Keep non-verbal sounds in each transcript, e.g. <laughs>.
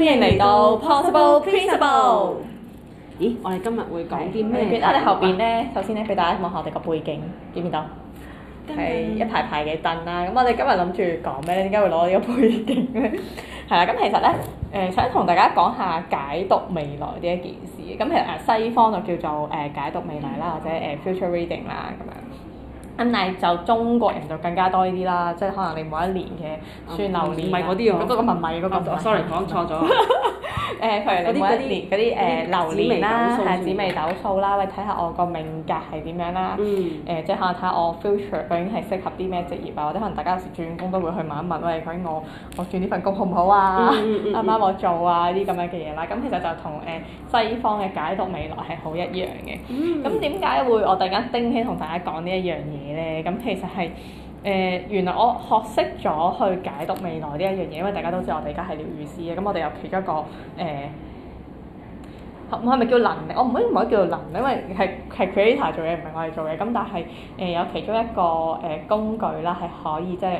歡迎嚟到 Possible Principle。咦？我哋今日會講啲咩？我哋後邊咧，首先咧，俾大家望下我哋、嗯啊、個背景見唔見到？係一排排嘅燈啦。咁我哋今日諗住講咩咧？點解會攞呢個背景咧？係啦。咁其實咧，誒、呃、想同大家講下解讀未來呢一件事。咁其實啊，西方就叫做誒、呃、解讀未來啦，嗯、或者誒、呃、Future Reading 啦咁樣。咁、嗯、但係就中國人就更加多呢啲啦，即係可能你每一年嘅算流年，唔係嗰啲喎，嗰、啊、個咁文藝嗰個，sorry 講錯咗。 <laughs> <laughs> 誒譬如你每一年嗰啲誒流年啦，係紫微斗數啦，你睇下我個命格係點樣啦。誒、嗯呃、即係可能睇下我 future 究竟係適合啲咩職業啊，或者可能大家有時轉工都會去問一問，喂究竟我我轉呢份工好唔好啊？啱啱我做啊？呢啲咁樣嘅嘢啦。咁其實就同誒西方嘅解讀未來係好一樣嘅。咁點解會我突然間拎起同大家講呢一樣嘢咧？咁其實係。誒，原來我學識咗去解讀未來呢一樣嘢，因為大家都知我哋而家係療癒師嘅，咁我哋有其中一個誒，係、呃、咪叫能力？我唔可以唔可以叫能力，因為係係 creator 做嘢，唔係我哋做嘢。咁但係誒、呃、有其中一個誒、呃、工具啦，係可以即係誒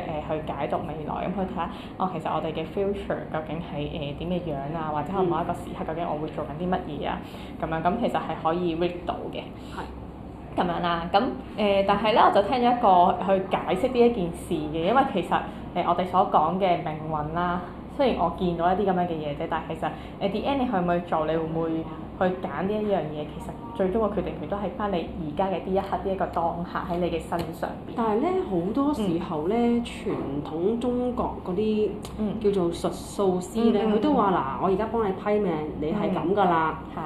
去解讀未來。咁去睇下，哦，其實我哋嘅 future 究竟係誒點嘅樣啊，或者係某一個時刻究竟我會做緊啲乜嘢啊？咁樣咁其實係可以 read 到嘅。係。咁樣啦、啊，咁、嗯、誒，但係咧，我就聽咗一個去解釋呢一件事嘅，因為其實誒我哋所講嘅命運啦、啊，雖然我見到一啲咁樣嘅嘢啫，但係其實誒 the end 去唔去做，你會唔會去揀呢一樣嘢？其實最終嘅決定佢都係翻你而家嘅呢一刻，呢一個當下喺你嘅身上邊。但係咧，好多時候咧，傳統中國嗰啲叫做術數師咧，佢、嗯嗯、都話嗱、嗯，我而家幫你批命，你係咁噶啦，咁、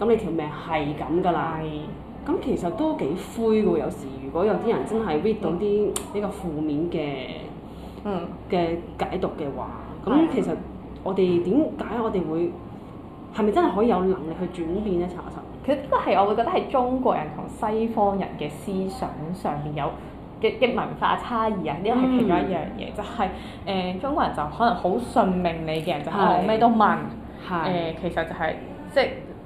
嗯、你條命係咁噶啦。咁其實都幾灰嘅喎，有時如果有啲人真係 read 到啲呢個負面嘅嘅解讀嘅話，咁其實我哋點解我哋會係咪真係可以有能力去轉變咧？查實，其實都係我會覺得係中國人同西方人嘅思想上面有嘅嘅文化差異啊！呢個係其中一樣嘢，就係誒中國人就可能好信命理嘅人就可能咩都問，誒其實就係即。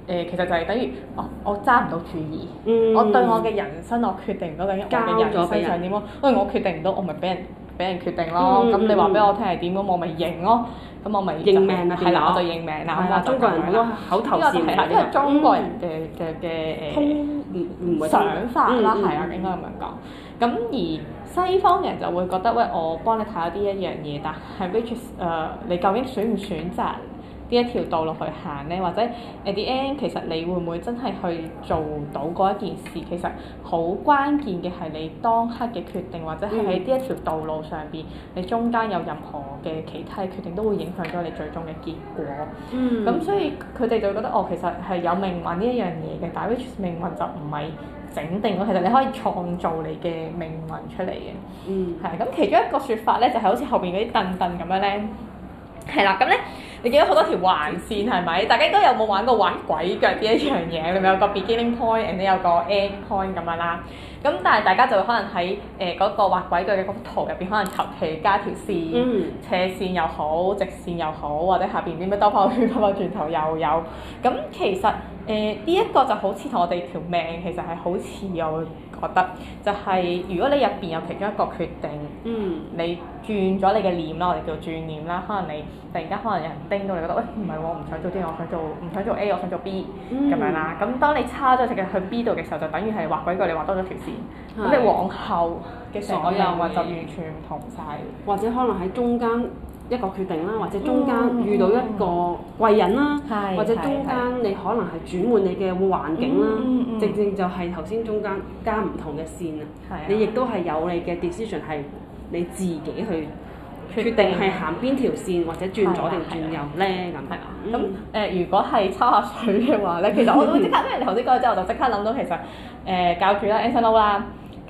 誒其實就係等於，哦我揸唔到主意，我對我嘅人生我決定唔到，我嘅人生點樣，因為我決定唔到，我咪俾人俾人決定咯。咁你話俾我聽係點？咁我咪認咯。咁我咪認命啦。係啦，我就認命啦。咁中國人口頭禪啦。因為都係因為中國人嘅嘅嘅誒想法啦，係啊，應該咁樣講。咁而西方人就會覺得，喂，我幫你睇下啲一樣嘢，但係 which 誒你究竟選唔選擇？呢一條道路去行咧，或者 a 啲 n 其實你會唔會真係去做到嗰一件事？其實好關鍵嘅係你當刻嘅決定，或者係喺呢一條道路上邊，你中間有任何嘅其他決定，都會影響咗你最終嘅結果。嗯。咁所以佢哋就覺得哦，其實係有命運呢一樣嘢嘅，但係 which 命運就唔係整定咯。其實你可以創造你嘅命運出嚟嘅。嗯。係咁，其中一個説法咧，就係好似後邊嗰啲凳凳咁樣咧，係啦，咁咧。你見到好多條橫線係咪？大家都有冇玩過玩鬼腳呢一樣嘢？你咪有個 beginning point，and 有個 end point 咁樣啦。咁但係大家就可能喺誒嗰個畫鬼腳嘅幅圖入邊，可能求其加條線，嗯、斜線又好，直線又好，或者下邊點樣兜翻圈、兜翻轉頭又有。咁其實～誒呢一個就好似同我哋條命其實係好似，我覺得就係如果你入邊有其中一個決定，嗯，你轉咗你嘅念啦，我哋叫轉念啦，可能你突然間可能有人叮到你，覺得喂唔係喎，唔、哎哦、想做啲，我想做唔想做 A，我想做 B 咁、嗯、樣啦。咁當你叉咗隻腳去 B 度嘅時候，就等於係畫鬼腳你畫多咗條線，咁是你往後嘅所有以話就完全唔同晒，或者可能喺中間。一個決定啦，或者中間遇到一個貴人啦，嗯、或者中間你可能係轉換你嘅環境啦，直、嗯嗯嗯、正正就係頭先中間加唔同嘅線啊，嗯、你亦都係有你嘅 decision 係你自己去決定係行邊條線或者轉左定轉、嗯嗯、右咧咁，咁誒、呃、如果係抽下水嘅話咧，嗯、其實我都即刻因為、嗯、你頭先講咗之後，我就即刻諗到其實誒、呃、教主啦，Angelina。An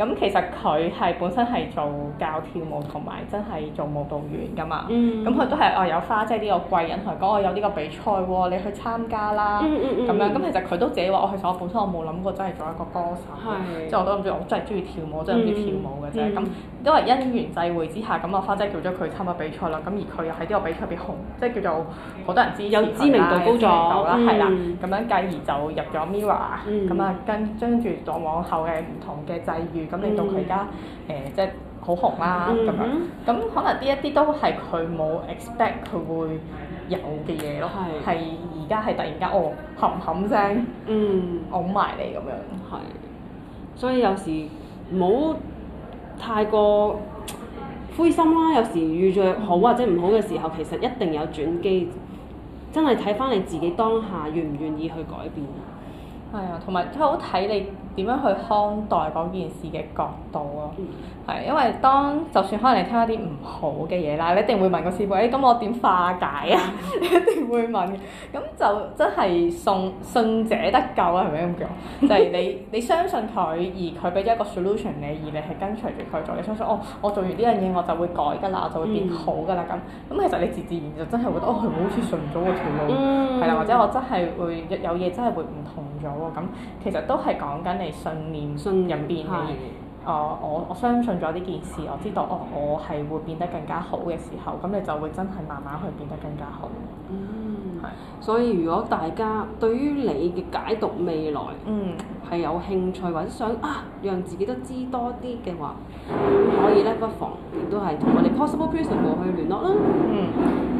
咁其實佢係本身係做教跳舞同埋真係做舞蹈員噶嘛，咁佢、嗯、都係哦有花姐呢個貴人同佢講，我有呢個比賽喎、哦，你去參加啦咁、嗯嗯、樣。咁其實佢都自己話，我、哦、其實我本身我冇諗過真係做一個歌手，的即係我都諗住我真係中意跳舞，嗯、我真係中意跳舞嘅啫咁。嗯嗯因為因緣際會之下，咁我花姐叫咗佢參加比賽啦，咁而佢又喺呢個比賽入邊紅，即係叫做好多人知，有知名度高咗，嗯，咁樣繼而就入咗 m i r r o r 咁啊，跟將住往後嘅唔同嘅際遇，咁令到佢而家誒即係好紅啦，咁、嗯、樣，咁可能呢一啲都係佢冇 expect 佢會有嘅嘢咯，係而家係突然間哦冚冚聲，嗯，㧬埋嚟咁樣，係，所以有時冇太過灰心啦，有時遇着好或者唔好嘅時候，其實一定有轉機。真係睇翻你自己當下願唔願意去改變。係啊、哎，同埋都好睇你。點樣去看待嗰件事嘅角度咯？係、嗯、因為當就算可能你聽一啲唔好嘅嘢啦，你一定會問個師傅：誒、哎、咁我點化解啊？ <laughs> 你一定會問。咁就真係信信者得救啊？係咪咁講？ <laughs> 就係你你相信佢，而佢俾咗一個 solution 你，而你係跟隨住佢做，你相信哦，我做完呢樣嘢我就會改㗎啦，就會變好㗎啦咁。咁、嗯、其實你自自然就真係覺得哦，佢好似順咗個條路係啦、嗯，或者我真係會有嘢真係會唔同咗喎咁。其實都係講緊。係信念信入邊，你哦，我我相信咗呢件事，我知道哦，我係會變得更加好嘅時候，咁你就會真係慢慢去變得更加好。嗯所以如果大家對於你嘅解讀未來係有興趣，或者想啊讓自己都知多啲嘅話，可以咧，不妨亦都係同我哋 possible person 部去聯絡啦。嗯，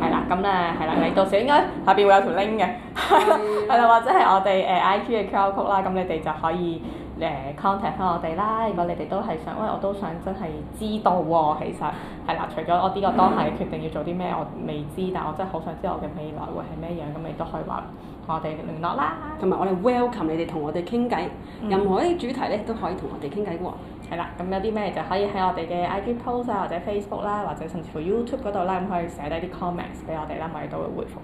係啦，咁咧，係啦，你到時應該下邊會有條 link 嘅，係啦的， <laughs> 或者係我哋誒 I q 嘅 c l o u d 啦，咁你哋就可以。誒 contact 翻我哋啦，如果你哋都係想，喂，我都想真係知道喎，哦，其實係啦，除咗我啲個當下決定要做啲咩， <laughs> 我未知，但我真係好想知道我嘅未來會係咩樣，咁你都可以話同我哋聯絡啦，同埋我哋 welcome 你哋同我哋傾偈，嗯，任何啲主題咧都可以同我哋傾偈噶喎，係啦，咁有啲咩就可以喺我哋嘅 IG post 啊，或者 Facebook 啦，或者甚至乎 YouTube 嗰度啦，咁可以寫低啲 comments 俾我哋啦，咪到會回覆。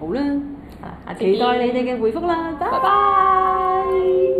好啦，啊啦，期待你哋嘅回覆啦，拜拜。拜拜。